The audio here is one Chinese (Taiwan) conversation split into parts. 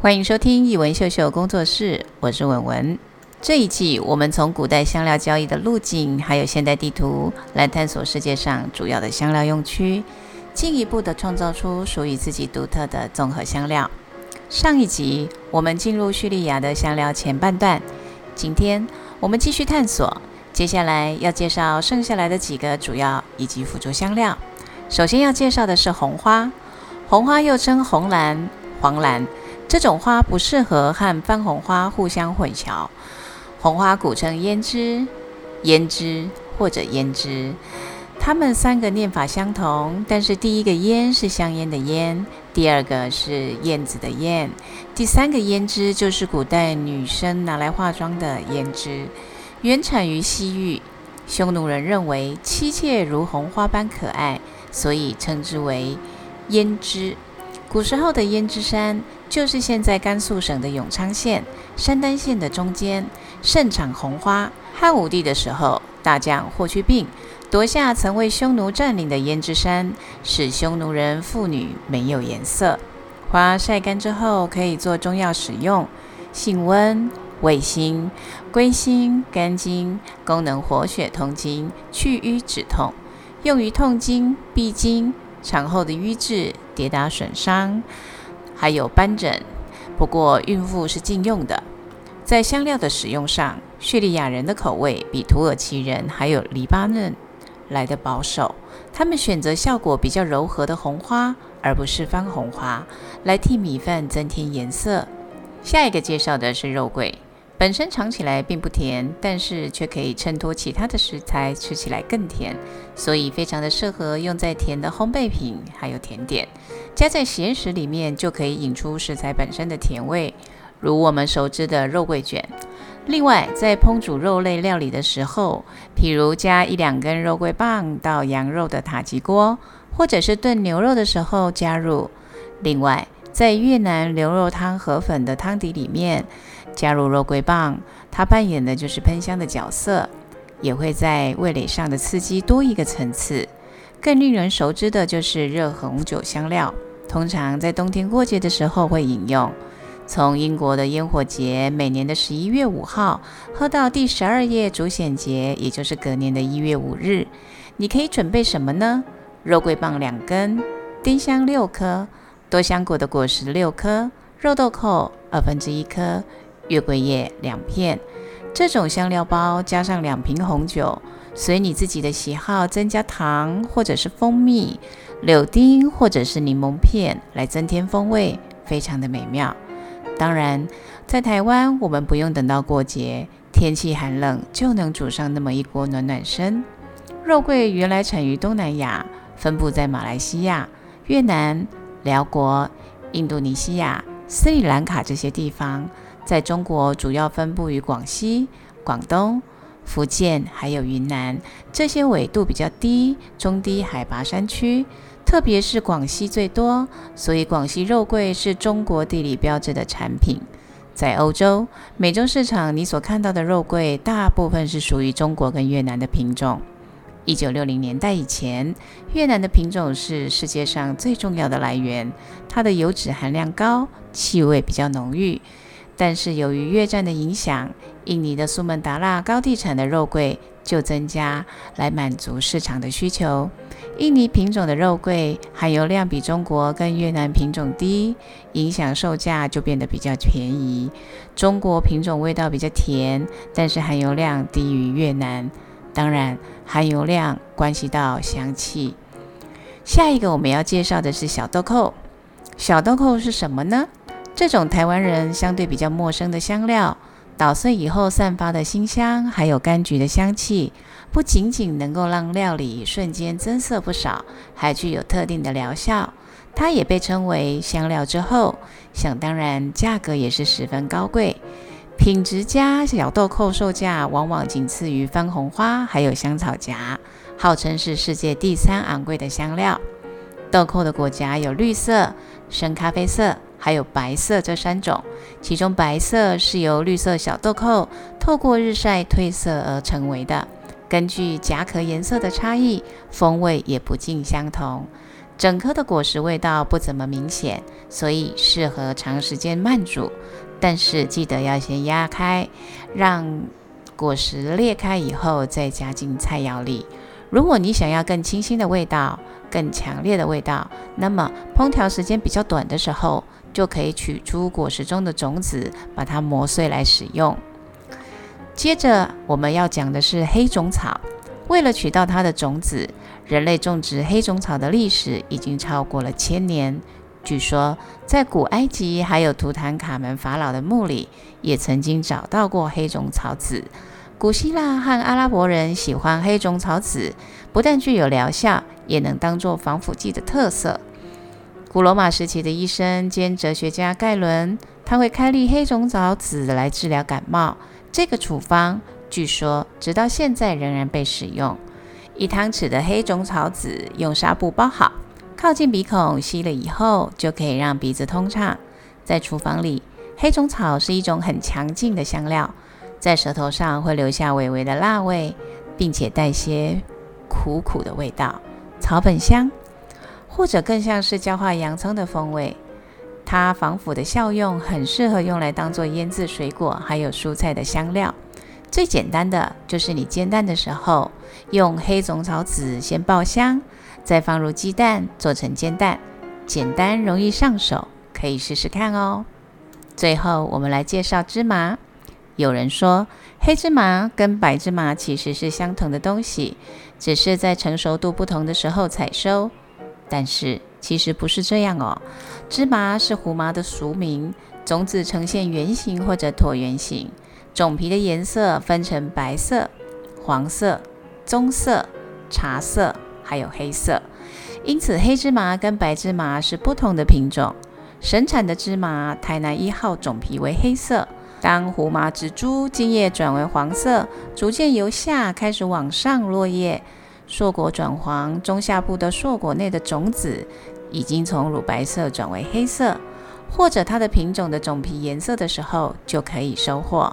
歡迎收聽譯文秀秀工作室，我是文文。這一季我們從古代香料交易的路徑，還有現代地圖來探索世界上主要的香料用區，進一步的創造出屬於自己獨特的綜合香料。上一集我們進入敘利亞的香料前半段，今天我們繼續探索。接下來要介紹剩下來的幾個主要以及輔助香料。首先要介紹的是紅花，紅花又稱紅藍、黃藍。這種花不適合和番紅花互相混淆。紅花古稱胭脂、胭脂或者胭脂，它們三個念法相同，但是第一個“胭”是香菸的“菸”，第二個是燕子的“燕”，第三個胭脂就是古代女生拿來化妝的胭脂，原產於西域。匈奴人認為妻妾如紅花般可愛，所以稱之為胭脂。古時候的胭脂山，就是現在甘肅省的永昌縣、山丹縣的中間，盛產紅花。漢武帝的時候，大將霍去病奪下曾為匈奴占領的胭脂山，使匈奴人婦女沒有顏色。花曬乾之後可以做中藥使用，性溫，味辛，歸心、肝經，功能活血通經、祛瘀止痛，用於痛經、閉經、產後的瘀滯。跌打損傷，還有斑疹。不過孕婦是禁用的。在香料的使用上，敘利亞人的口味比土耳其人還有黎巴嫩來得保守。他們選擇效果比較柔和的紅花，而不是番紅花，來替米飯增添顏色。下一個介紹的是肉桂。本身嘗起來並不甜，但是卻可以襯托其他的食材，吃起來更甜，所以非常的適合用在甜的烘焙品還有甜點。加在鹹食裡面就可以引出食材本身的甜味，如我們熟知的肉桂卷。另外，在烹煮肉類料理的時候，譬如加一兩根肉桂棒到羊肉的塔吉鍋，或者是燉牛肉的時候加入。另外，在越南牛肉湯河粉的湯底裡面加入肉桂棒，它扮演的就是噴香的角色，也會在味蕾上的刺激多一個層次。更令人熟知的就是熱紅酒香料，通常在冬天過節的時候會飲用。從英國的煙火節每年的十一月五號喝到第十二夜主顯節，也就是隔年的一月五日，你可以準備什麼呢？肉桂棒兩根，丁香六顆。多香果的果實六顆，肉豆蔻二分之一顆，月桂葉兩片。這種香料包加上兩瓶紅酒，隨你自己的喜好增加糖或者是蜂蜜，柳丁或者是檸檬片來增添風味，非常的美妙。當然，在台灣我們不用等到過節，天氣寒冷就能煮上那麼一鍋暖暖身。肉桂原來產於東南亞，分布在馬來西亞、越南。遼國、印度尼西亞、斯里蘭卡這些地方，在中國主要分布於廣西、廣東、福建，還有雲南。這些緯度比較低、中低海拔山區，特別是廣西最多，所以廣西肉桂是中國地理標誌的產品。在歐洲、美洲市場，你所看到的肉桂大部分是屬於中國跟越南的品種。一九六零年代以前，越南的品種是世界上最重要的來源，它的油脂含量高，氣味比較濃郁。但是由於越戰的影響，印尼的蘇門答臘高地產的肉桂就增加來滿足市場的需求。印尼品種的肉桂含油量比中國跟越南品種低，影響售價就變得比較便宜。中國品種味道比較甜，但是含油量低於越南。當然，含油量關係到香氣。下一個我們要介紹的是小豆蔻。小豆蔻是什麼呢？這種台灣人相對比較陌生的香料，搗碎以後散發的辛香，還有柑橘的香氣，不僅僅能夠讓料理瞬間增色不少，還具有特定的療效。它也被稱為香料之後，想當然，價格也是十分高貴。品質佳，小豆蔻售價往往僅次於番紅花，還有香草莢，號稱是世界第三昂貴的香料。豆蔻的果莢有綠色、深咖啡色，還有白色這三種，其中白色是由綠色小豆蔻透過日晒褪色而成為的。根據莢殼顏色的差異，風味也不盡相同。整顆的果實味道不怎麼明顯，所以適合長時間慢煮。但是記得要先壓開，讓果實裂開以後再加進菜肴裡。如果你想要更清新的味道，更強烈的味道，那麼烹調時間比較短的時候，就可以取出果實中的種子，把它磨碎來使用。接着我們要講的是黑種草，為了取到它的種子。人類種植黑種草的歷史已經超過了千年。據說，在古埃及還有圖坦卡門法老的墓裡，也曾經找到過黑種草籽。古希臘和阿拉伯人喜歡黑種草籽，不但具有療效，也能當做防腐劑的特色。古羅馬時期的醫生兼哲學家蓋倫，他會開立黑種草籽來治療感冒。這個處方，據說直到現在仍然被使用。一湯匙的黑種草籽用紗布包好，靠近鼻孔吸了以後，就可以讓鼻子通暢。在廚房裡，黑種草是一種很強勁的香料，在舌頭上會留下微微的辣味，並且帶些苦苦的味道，草本香，或者更像是焦化洋蔥的風味。它防腐的效用很適合用來當做醃制水果還有蔬菜的香料。最簡單的就是你煎蛋的時候，用黑種草籽先爆香，再放入雞蛋做成煎蛋，簡單容易上手，可以試試看哦。最後我們來介紹芝麻。有人說黑芝麻跟白芝麻其實是相同的東西，只是在成熟度不同的時候採收。但是其實不是這樣哦，芝麻是胡麻的俗名，種子呈現圓形或者橢圓形。種皮的顏色分成白色、黃色、棕色、茶色，還有黑色。因此，黑芝麻跟白芝麻是不同的品種。生產的芝麻，台南一號種皮為黑色。當胡麻植株莖葉轉為黃色，逐漸由下開始往上落葉，蒴果轉黃，中下部的蒴果內的種子已經從乳白色轉為黑色，或者它的品種的種皮顏色的時候，就可以收穫。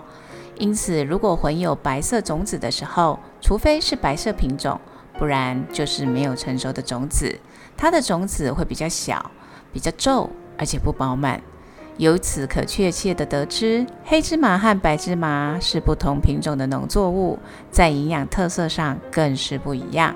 因此，如果混有白色種子的時候，除非是白色品種，不然就是沒有成熟的種子。它的種子會比較小、比較皺，而且不飽滿。由此可確切地得知，黑芝麻和白芝麻是不同品種的農作物，在營養特色上更是不一樣。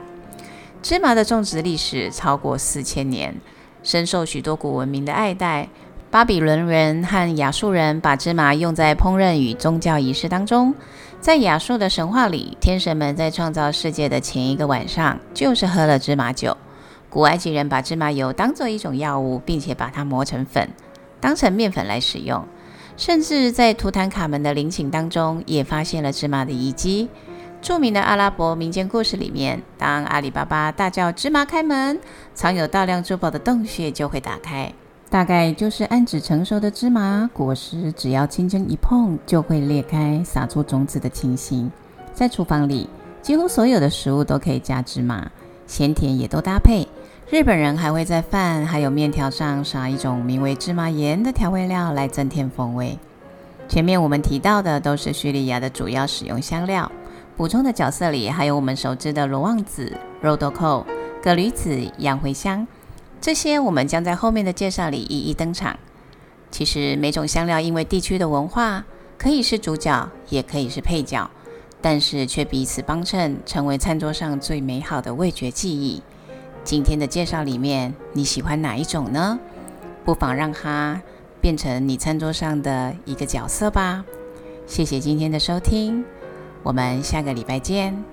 芝麻的種植歷史超過四千年，深受許多古文明的愛戴。巴比倫人和亞述人把芝麻用在烹飪與宗教儀式當中。在亞述的神話裡，天神們在創造世界的前一個晚上，就是喝了芝麻酒。古埃及人把芝麻油當作一種藥物，並且把它磨成粉，當成面粉來使用。甚至在圖坦卡門的陵寢當中，也發現了芝麻的遺迹。著名的阿拉伯民間故事裡面，當阿里巴巴大叫“芝麻開門”，藏有大量珠寶的洞穴就會打開。大概就是暗指成熟的芝麻果實，只要輕輕一碰就會裂開，撒出種子的情形。在廚房裡，幾乎所有的食物都可以加芝麻，鹹甜也都搭配。日本人還會在飯還有麵條上撒一種名為芝麻鹽的調味料來增添風味。前面我們提到的都是敘利亞的主要使用香料，補充的角色裡還有我們熟知的羅望子、肉豆蔻、葛縷子、洋茴香。這些我們將在後面的介紹裡一一登場。其實每種香料因為地區的文化，可以是主角，也可以是配角，但是卻彼此幫襯，成為餐桌上最美好的味覺記憶。今天的介紹裡面，你喜歡哪一種呢？不妨讓它變成你餐桌上的一個角色吧。謝謝今天的收聽，我們下個禮拜見。